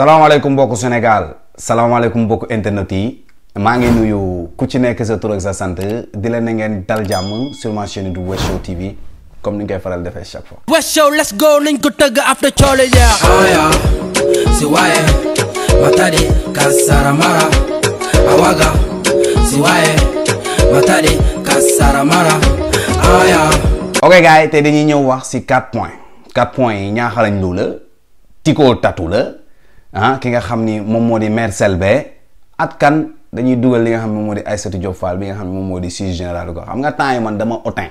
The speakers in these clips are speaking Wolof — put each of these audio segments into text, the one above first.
salaamaaleykum mbokku Sénégal salaamaaleykum mbokku internet yi maa ngi nuyu ku ci nekk sa tur ak sa sant di leen na ngeen dal jàmm sur ma chaîne du Show TV comme ni ñu koy faral defee chaque fois. Wes Show let's go nañ ko tëgg after coole ja. Hawaya si waaye matadi kasaramara awaga si waaye matadi kasaramara hawaya. ok gars yi tey dañuy ñëw wax si quatre points quatre points yi Niang Xaragne Lo la Tyco ah ki nga xam ni moom moo di maire Selbé at kan dañuy dugal li nga xam ne moom moo di Aïssatou Diop Fall bi nga xam ne moom moo di suisse général ko xam nga temps man dama otin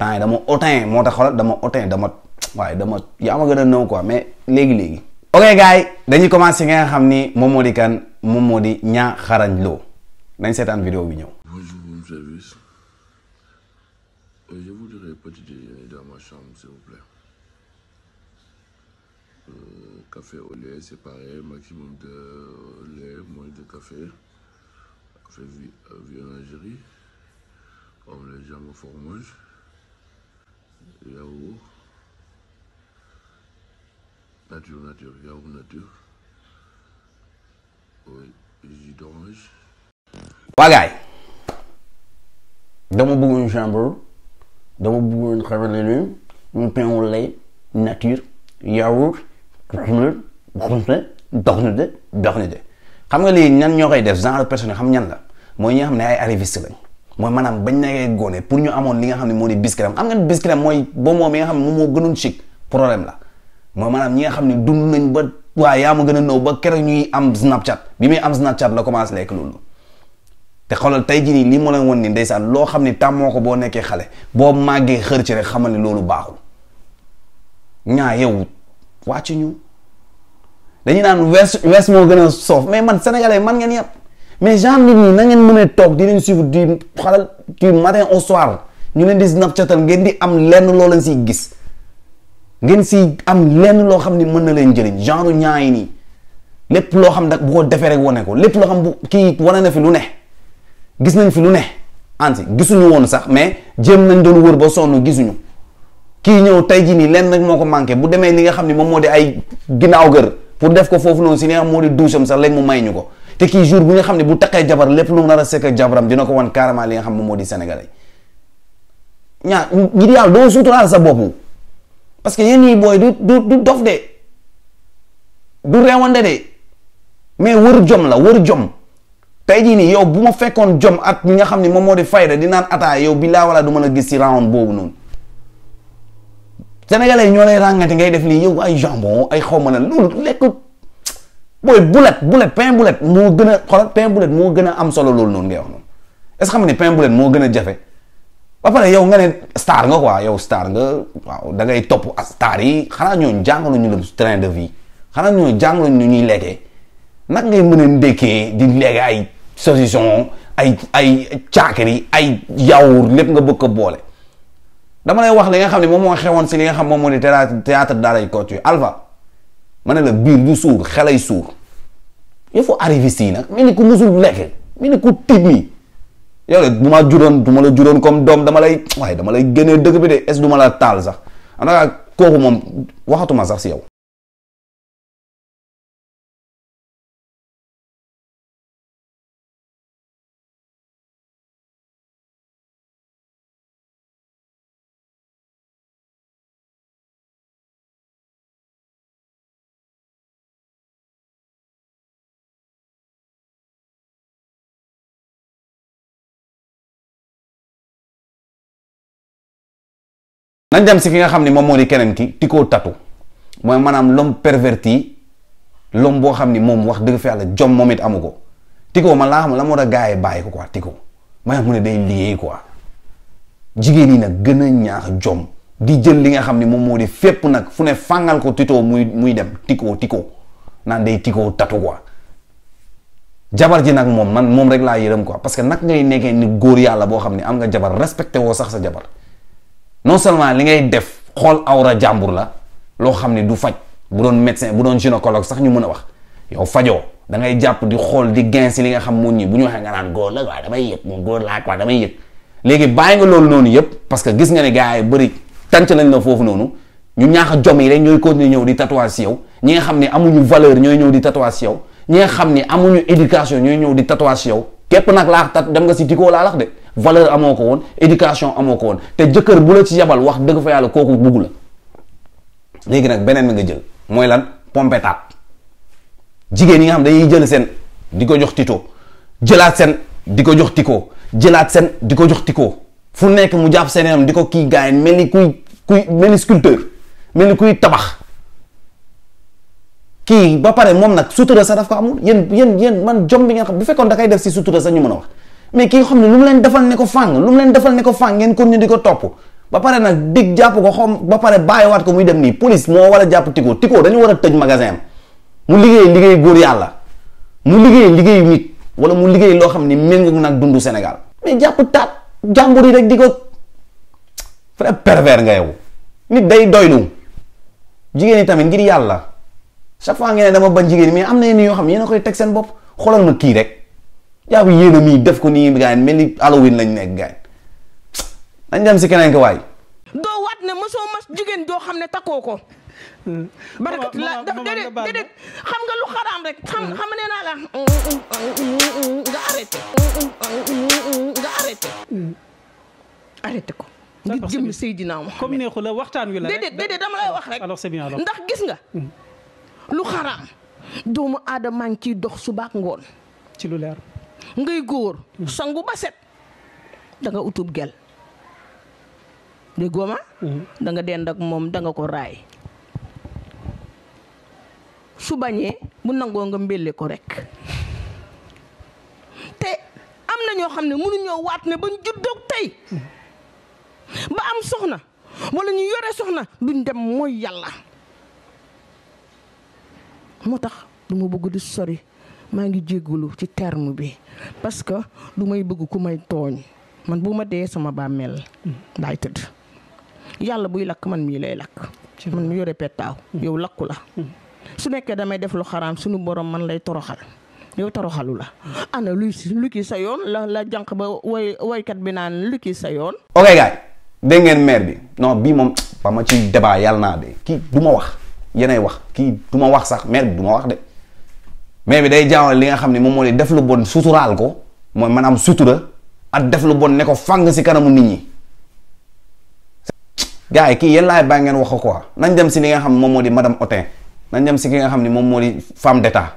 temps dama otin moo tax dama otin dama waaye dama yaa ma gën a nëw quoi mais léegi léegi. ok gars dañuy commencer nga xam ni moom moo di kan moom moo di Niang Kharagne Lo dañ seetaan vidéo bi ñëw. bonjour Euh, café au lait c'est pareil maximum de euh, lait moins de café café euh, viennoiserie omelette jambon fromage yaourt nature nature yaourt nature jus d'orange waa gaay dama bëggoon chambre dama bëggoon xamal ne ñu pain au lait nature yaourt doxnde doxnde xam nga lii ñan ñoo koy def genre personne xam ñan la mooy ñi nga xam ne ay arriviste lañ mooy maanaam bañ nekkee góone pour ñu amoon li nga xam ne moo di biskiram am nga biskiram mooy boo moom yi xam ne moom moo problème la mooy maanaam ñi nga xam ne dund nañ ba waa yaa ma gën a nëw ba keroog ñuy am Snapchat bi muy am Snapchat la commencé lekk loolu te xoolal tey jii nii lii moo leen woon ni ndeysaan loo xam ne tàmmoo ko boo nekkee xale boo màggee xër ci rek xamal ne loolu baaxul ñaa yow wàccuñu dañu naan west wees moo gën a soof mais man sénégalais man ngeen yàpp mais genre nit ñi na ngeen mën a toog di leen suivre du xalal du matin au soir ñu leen di snapchatal ngeen di am lenn loo leen siy gis ngeen si am lenn loo xam ni mën na leen jëriñ genre ñaay nii lépp loo xam nag bu ko defee rek wane ko lépp loo xam bu kii wane na fi lu ne gis nañ fi lu ne anti gisuñu woon sax mais jéem nañ doon wër ba sonn gisuñu kii ñëw tey jii nii lenn nag moo ko manqué bu demee li nga xam ne moom moo di ay ginnaaw gër pour def ko foofu noonu si li nga xam moo di duusam sax léegi mu may ñu ko te kii jour bu nga xam ne bu takkee jabar lépp lu a sekk ak jabaram dina ko wan carrément li nga xam moom moo di sénégalais ñaa ngir yàlla doo suturaal sa bopp parce que yéen ñii booy du du du dof de du reewande de mais wër jom la wër jom tey jii nii yow bu ma fekkoon jom at ñi nga xam ni moom moo di fayda di naan ataa yow bi laa du mën a gis si round boobu noonu sénégalais yi ñoo lay ràngate ngay def lii yow ay jambon ay xaw ma na loolu lekk booy boulet boulet pain boulet moo gën a xoolal pain boulet moo gën a am solo loolu noonu ngay wax noonu est ce que xam ne pain boulet moo gën a jafe ba pare yow nga ne star nga quoi yow star nga waaw da ngay topp ak star yi xanaa ñoo jàngalu ñu la train de vie xanaa ñoo jàngalu ñu ñuy lekkee nag ngay mën a ndekkee di lekk ay saucisson ay ay caakiri ay yaourt lépp nga bëgg ko boole. dama lay wax li nga xam ne moom moo xewoon si li nga xam moom moo di théâtre daaray Kocc yi Alpha ma ne la biir du suur xelay suur il faut arriviste yi nag mel ni ku musul lekk mel ni ku tiit nii yow bu ma juróon du ma la juróon comme doom dama lay waaye dama lay génnee dëkk bi de est du ma la taal sax en tout cas kooku moom waxatuma sax si yow nañ dem si ki nga xam ne moom moo di keneen ki Tyco Tatou mooy maanaam l'homme perverti l'homme boo xam ni moom wax dëgg fi yàlla jom moom it amu ko Tyco man laa xam la moo tax gars yi ko quoi Tyco maanaam mu ne day liggéey quoi jigéen yi nag gën a ñaax jom di jël li nga xam ne moom moo di fépp nag fu ne fàngal ko muy muy dem Tyco Tyco naan day Tyco Tatou quoi jabar ji nag moom man moom rek laa yërëm quoi parce que nag ngay nekkee ni góor yàlla boo xam ne am nga jabar respecté woo sax sa jabar non seulement li ngay def xool awra jàmbur la loo xam ne du faj bu doon médecin bu doon gynécologue sax ñu mën a wax yow fajoo da ngay jàpp di xool di gain si li nga xam mu ñi bu ñu waxee nga naan góor la waaw damay yëg moom góor laa quoi damay noonu yëpp parce que gis nga ne gars yi bëri tànc nañ la foofu noonu ñu ñaax a jom yi rek ñooy continuer ñëw di tatouage si yow ñi nga xam ne amuñu valeur ñooy ñëw di tatouage si yow ñi xam ni amuñu éducation ñooy ñëw di tatouage si yow képp nag laax tat dem nga si tikoo laa lax de valeur amoo ko woon éducation amoo ko woon te jëkkër bu la ci yabal wax dëgg fa yàlla kooku bugg la léegi nag beneen bi nga jël mooy lan pompetaat jigéen yi nga xam dañuy jël seen di ko jox tito jëlaat seen di ko jox tikoo jëlaat seen di ko jox tikoo fu nekk mu jàpp seen yaram di ko kii gaayen mel ni kuy kuy mel ni sculpteur mel ni kuy tabax kii ba pare moom nag sutura sax daf ko amul yéen yéen yéen man jom bi ngeen xam bu fekkoon da kay def si sutura sax ñu mën a wax mais ki nga xam ne lu mu leen defal ne ko fàng lu mu leen defal ne ko fàng ngeen kon ñu di ko topp ba pare nag dig jàpp ko xom ba pare bàyyi bàyyiwaat ko muy dem nii police moo war a jàpp Tyco Tyco dañu war a tëj magasin mu liggéey liggéey góor yàlla mu liggéey liggéeyu nit wala mu liggéey loo xam ne méngoog nag dundu senegal mais jàpp taat jàmbur yi rek di ko vrai pervers nga yow nit day doylu jigéen yi tamit ngir yàlla chaque fois ngeen ne dama bañ jigéen mais am na yenn yoo xam ne yéen koy teg seen bopp xoolal ma kii rek. yaa ko yéen def ko nii gaañ mel ni Halloween lañ nekk gaañ nañ dem si keneen ko waay. doo waat ne mosoo mas jigéen joo xam ne takkoo ko. Hmm. barkat la dafa déedéet déedéet waxtaan wi la déedéet déedéet dama lay wax rek ndax gis nga hmm. lu xaraam doomu aadamaa ngi ciy dox subaak ngoon ci lu leer ngay góor sangu ba set da utub gel déggoo ma mm-hmm. danga nga dend ak moom danga ko raay su bañee bu nangoo nga mbélle ko rekk te am na ñoo xam ne mënuñoo waat ne bañ juddoog tey mm-hmm. ba am soxna wala ñu yore soxna duñ dem mooy yàlla moo tax du ma bëgg di sori maa ngi jégalu ci terme bi parce que du may bëgg ku may tooñ man bu ma dee sama bàmmeel daay tëdd yàlla buy lakk man mii lay lakk man mu yore pettaaw mm. yow lakku la mm. su nekkee damay def lu xaram suñu borom man lay toroxal yow toroxalu la ana luy lu ki sa yoon la la jànq ba woy woykat bi naan lu sa yoon ok gaay dégg ngeen maire bi non bii moom ba ma ci débat yàlla naa de kii du ma wax yeneen wax kii du ma wax sax maire bi du ma wax de mais bi day jaawal li nga xam ne moom moo di def lu bon suturaal ko mooy maanaam sutura ak def lu bon ne ko fàng si kanamu nit ñi. gaa yi kii yéen baa ngeen wax ko quoi nañ dem si li nga xam ne moom moo di madame Autain nañ dem si ki nga xam ne moom moo di femme d'état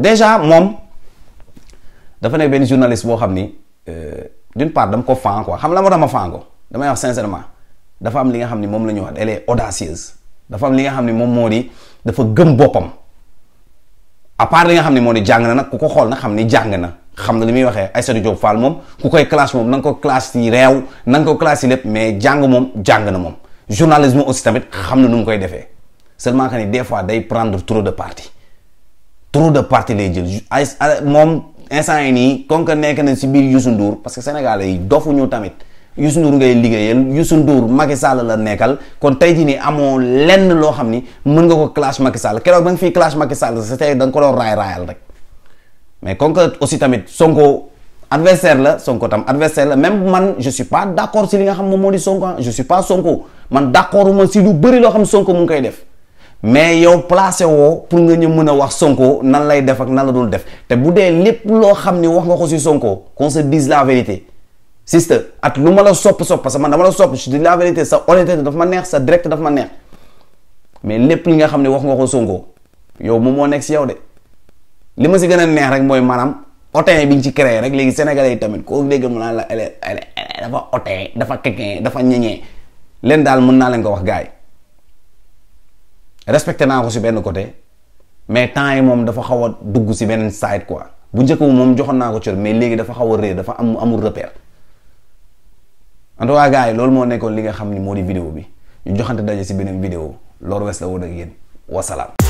déjà moom dafa nekk benn journaliste boo xam ni euh, d'une part dama ko fan quoi xam la ma dama fan ko damay wax sincèrement dafa am li nga xam ni moom la ñu wax elle est dafa am li nga xam ni moom moo di dafa gëm boppam. à part li nga xam ne moo di jàng na nag ku ko xool nag xam ni jàng na xam na li muy waxee Aïssatou Diop Fall moom ku koy classe moom na nga ko classe yi réew na ko classe yi lépp mais jàng moom jàng na moom journalisme aussi tamit xam na nu mu koy defee seulement que ni des fois day prendre trop de parti trop de parti lay jël ay moom instant yi nii comme que nekk nañ si biir Youssou Ndour parce que Sénégalais yi dofuñu tamit Youssou Ndour ngay liggéeyal Youssou Ndour Macky Sall la nekkal kon tey jii ni amoo lenn loo xam ni mën nga ko clash Macky Sall keroog ba nga fii clash Macky Sall sa tey da nga ko doon raay raayal rek mais comme aussi tamit Sonko adversaire la Sonko tam adversaire la même man je suis pas d'accord si li nga xam moom moo di Sonko je suis pas Sonko man d'accord ma si lu bëri loo xam Sonko mu ngi koy def mais yow placé woo pour nga ñu mën a wax Sonko nan lay def ak nan la dul def te bu dee lépp loo xam ni wax nga ko si Sonko qu'on se vérité sister at lu ma la sopp sopp parce que man dama la sopp je dis la vérité sa honnêteté dafa ma neex sa direct daf ma neex mais lépp li nga xam ne wax nga ko Sonko yow moom moo nekk si yow de li ma si gën a neex rek mooy maanaam otin bi ñu ci créé rek léegi sénégalais yi tamit koo dégg mun naa la dafa otin dafa kekkee dafa ñeñee leen daal mën naa leen ko wax gars yi respecté naa ko si benn côté mais temps yi moom dafa xaw a dugg si benn side quoi bu njëkk moom joxoon naa ko cër mais léegi dafa xaw a réer dafa am amul repère. en tout cas gars yi loolu moo nekkoon li nga xam ni moo di vidéo bi ñu joxante daje si beneen vidéo Lord Wes la woon ak yéen wasalaam.